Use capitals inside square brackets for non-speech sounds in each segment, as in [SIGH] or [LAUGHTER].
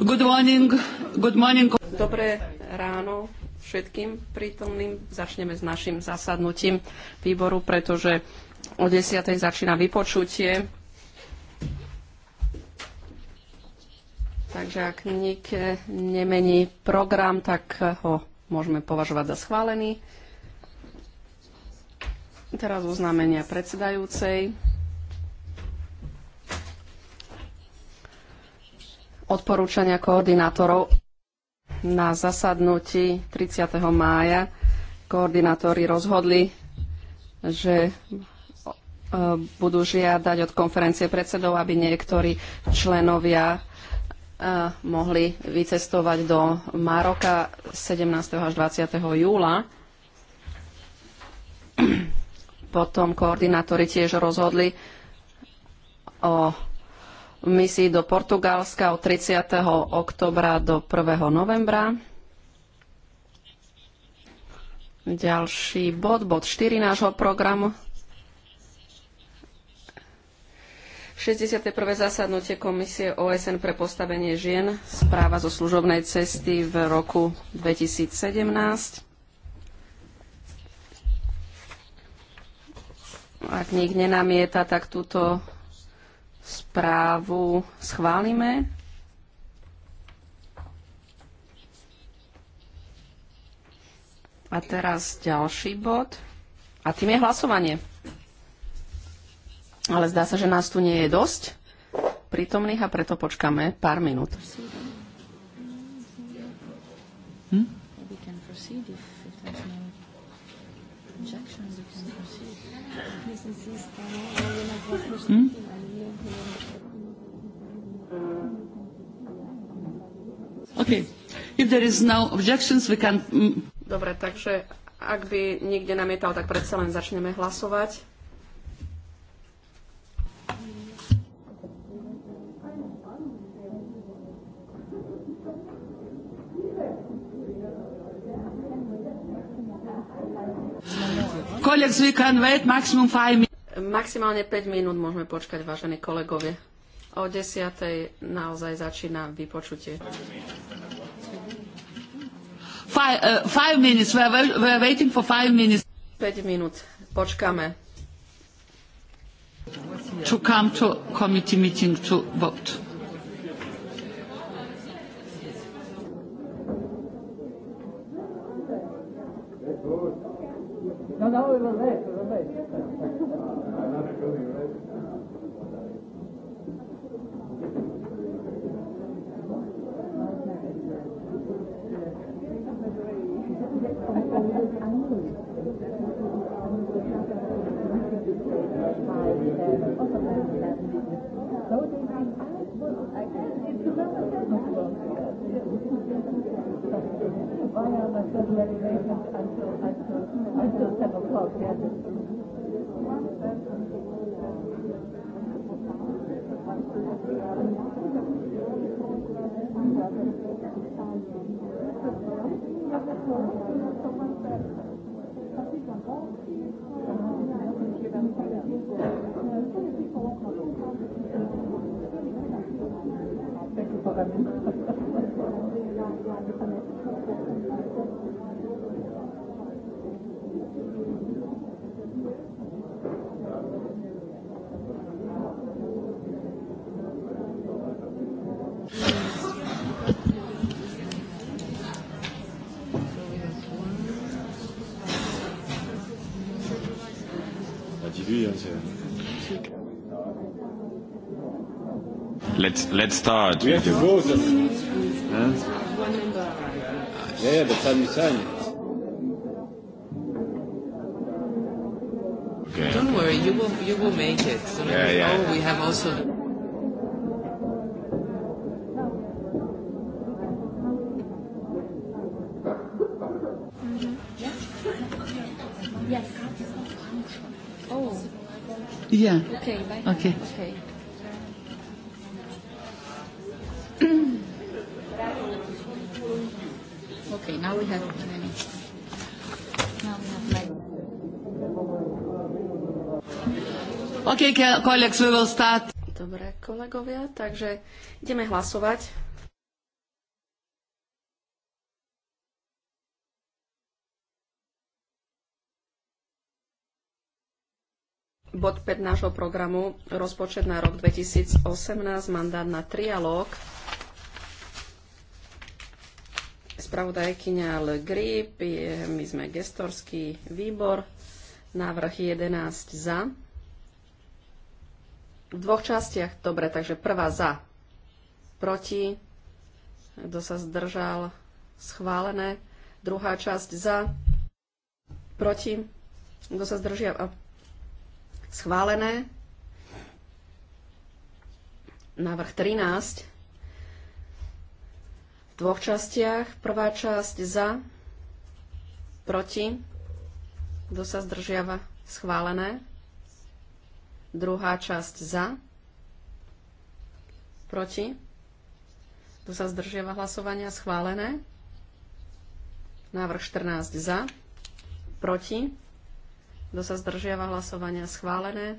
Good morning. Good morning. Dobré ráno všetkým prítomným. Začneme s našim zasadnutím výboru, pretože o 10. začína vypočutie. Takže ak nik nemení program, tak ho môžeme považovať za schválený. Teraz oznámenia predsedajúcej. odporúčania koordinátorov. Na zasadnutí 30. mája koordinátori rozhodli, že e, budú žiadať od konferencie predsedov, aby niektorí členovia e, mohli vycestovať do Maroka 17. až 20. júla. Potom koordinátori tiež rozhodli o misií do Portugalska od 30. oktobra do 1. novembra. Ďalší bod, bod 4 nášho programu. 61. zasadnutie Komisie OSN pre postavenie žien, správa zo služobnej cesty v roku 2017. Ak nik nenamieta, tak túto správu schválime. A teraz ďalší bod. A tým je hlasovanie. Ale zdá sa, že nás tu nie je dosť prítomných a preto počkáme pár minút. Hm? No hm? Okay. If there is no objections, we can... Mm. Dobre, takže ak by niekde namietal, tak predsa len začneme hlasovať. Colleagues, we can wait maximum five minutes. Maximálne 5 minút môžeme počkať, vážení kolegovia. O 10. naozaj začína vypočutie. 5 uh, minutes, we are, we are waiting for 5 minutes. 5 minút, počkáme. To come to committee meeting to vote. No, no, it was late, it was late. no, but the reservation until, until, until 7 o'clock, yeah. Thank you Let's let's start. We have to vote. Huh? Yeah, yeah, but time is time. Okay. Don't worry, you will you will make it. So yeah, yeah. Oh, we have also. Yeah. Okay. Bye. Okay. okay. [CLEARS THROAT] now we have now we have Okay, colleagues, we will start. Dobre, kolegovia, takže ideme hlasovať. bod 5 nášho programu, rozpočet na rok 2018, mandát na trialóg. Spravodajkyňa Le Grip, je, my sme gestorský výbor, návrh 11 za. V dvoch častiach, dobre, takže prvá za, proti, kto sa zdržal, schválené. Druhá časť za, proti, kto sa zdržia, schválené. Návrh 13 v dvoch častiach. Prvá časť za, proti, kto sa zdržiava, schválené. Druhá časť za, proti, kto sa zdržiava hlasovania, schválené. Návrh 14 za, proti, kto sa zdržiava hlasovania? Schválené.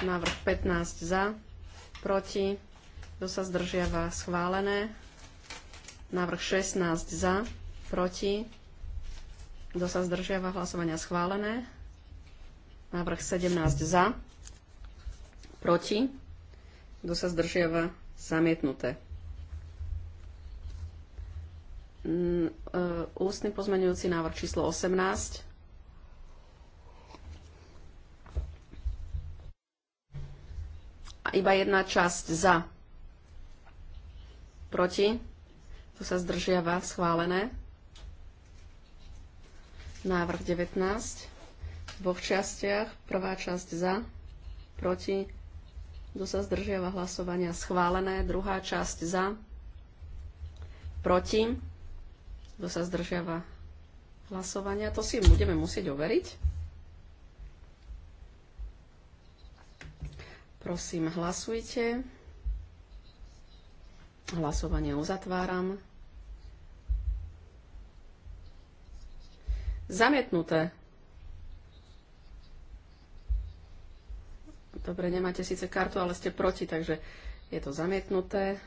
Návrh 15 za, proti. Kto sa zdržiava? Schválené. Návrh 16 za, proti. Kto sa zdržiava? Hlasovania schválené. Návrh 17 za, proti. Kto sa zdržiava? Zamietnuté. E, ústny pozmeňujúci návrh číslo 18 iba jedna časť za. Proti. Tu sa zdržiava schválené. Návrh 19. V dvoch častiach. Prvá časť za. Proti. Tu sa zdržiava hlasovania schválené. Druhá časť za. Proti. Tu sa zdržiava hlasovania. To si budeme musieť overiť. Prosím, hlasujte. Hlasovanie uzatváram. Zamietnuté. Dobre, nemáte síce kartu, ale ste proti, takže je to zamietnuté.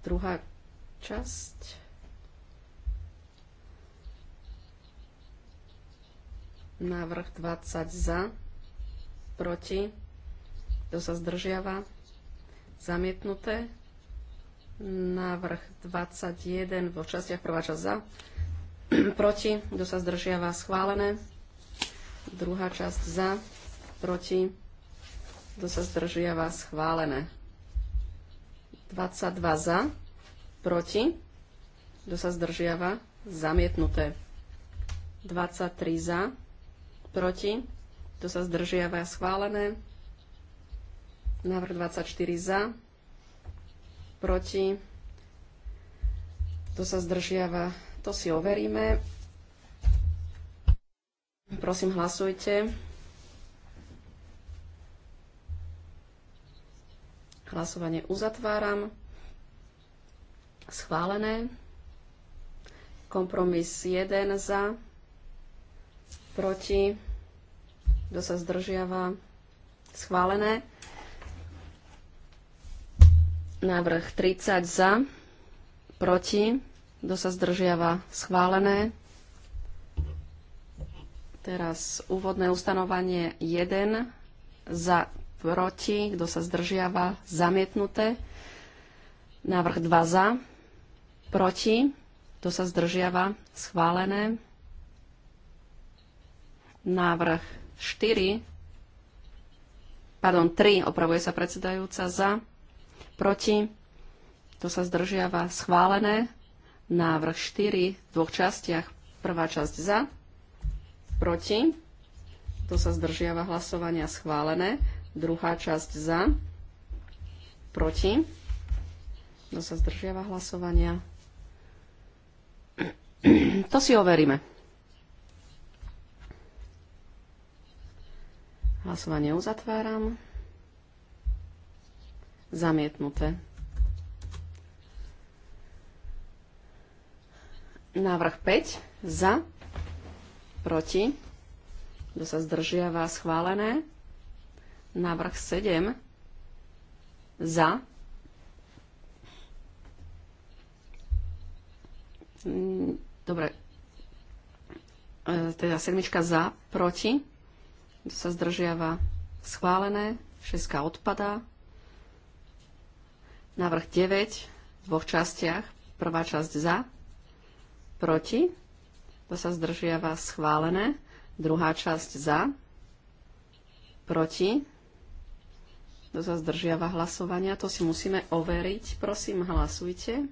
Druhá časť. Návrh 20 za, proti kto sa zdržiava? Zamietnuté. Návrh 21 vo častiach. Prvá časť za. [CLEARS THROAT] proti. Kto sa zdržiava? Schválené. Druhá časť za. Proti. Kto sa zdržiava? Schválené. 22 za. Proti. Kto sa zdržiava? Zamietnuté. 23 za. Proti. Kto sa zdržiava? Schválené. Návrh 24 za, proti, to sa zdržiava, to si overíme. Prosím, hlasujte. Hlasovanie uzatváram. Schválené. Kompromis 1 za, proti, kto sa zdržiava, schválené. Návrh 30 za, proti, kto sa zdržiava, schválené. Teraz úvodné ustanovanie 1 za, proti, kto sa zdržiava, zamietnuté. Návrh 2 za, proti, kto sa zdržiava, schválené. Návrh 4, pardon, 3, opravuje sa predsedajúca, za, proti, to sa zdržiava schválené. Návrh 4 v dvoch častiach. Prvá časť za, proti, to sa zdržiava hlasovania schválené. Druhá časť za, proti, to sa zdržiava hlasovania. [CLEARS THROAT] To si overíme. Hlasovanie uzatváram. Zamietnuté. Návrh 5. Za. Proti. Kto sa zdržiava? Schválené. Návrh 7. Za. Mm, dobre. E, teda sedmička za, proti. Kto sa zdržiava? Schválené. Šeska odpadá. Návrh 9 v dvoch častiach. Prvá časť za, proti, to sa zdržiava schválené. Druhá časť za, proti, to sa zdržiava hlasovania, to si musíme overiť. Prosím, hlasujte.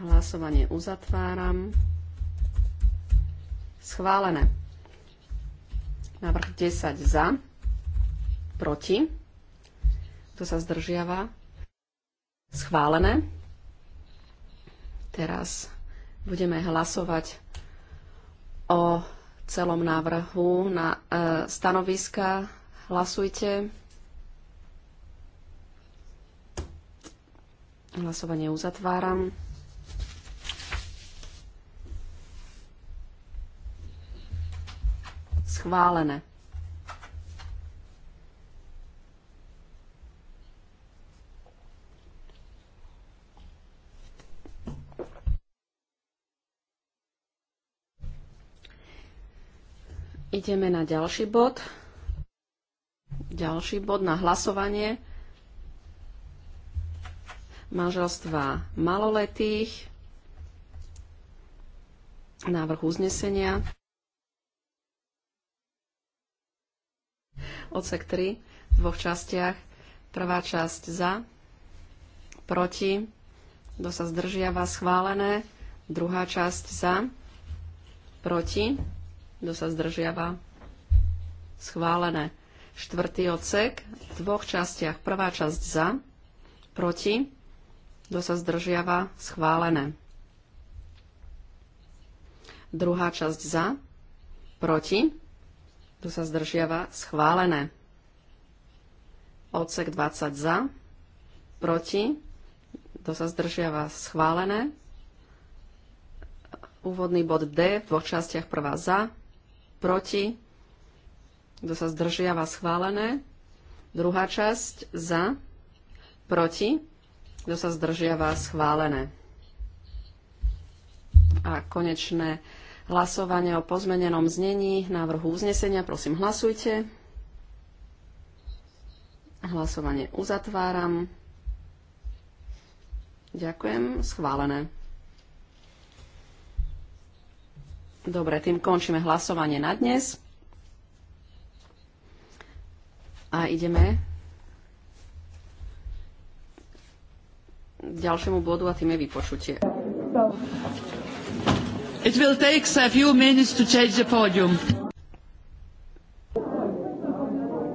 Hlasovanie uzatváram. Schválené. Návrh 10 za, proti. Kto sa zdržiava? Schválené. Teraz budeme hlasovať o celom návrhu na e, stanoviska. Hlasujte. Hlasovanie uzatváram. Schválené. ideme na ďalší bod. Ďalší bod na hlasovanie manželstva maloletých, návrh uznesenia, odsek 3 v dvoch častiach, prvá časť za, proti, kto sa zdržiava schválené, druhá časť za, proti, kto sa zdržiava? Schválené. Štvrtý odsek v dvoch častiach. Prvá časť za, proti. Kto sa zdržiava? Schválené. Druhá časť za, proti. Kto sa zdržiava? Schválené. Odsek 20 za, proti. Kto sa zdržiava? Schválené. Úvodný bod D v dvoch častiach prvá za, proti, kto sa zdržiava schválené. Druhá časť za, proti, kto sa zdržiava schválené. A konečné hlasovanie o pozmenenom znení návrhu uznesenia. Prosím, hlasujte. Hlasovanie uzatváram. Ďakujem. Schválené. Dobre, tým končíme hlasovanie na dnes. A ideme k ďalšiemu bodu a tým je vypočutie. It will take a few minutes to change the podium.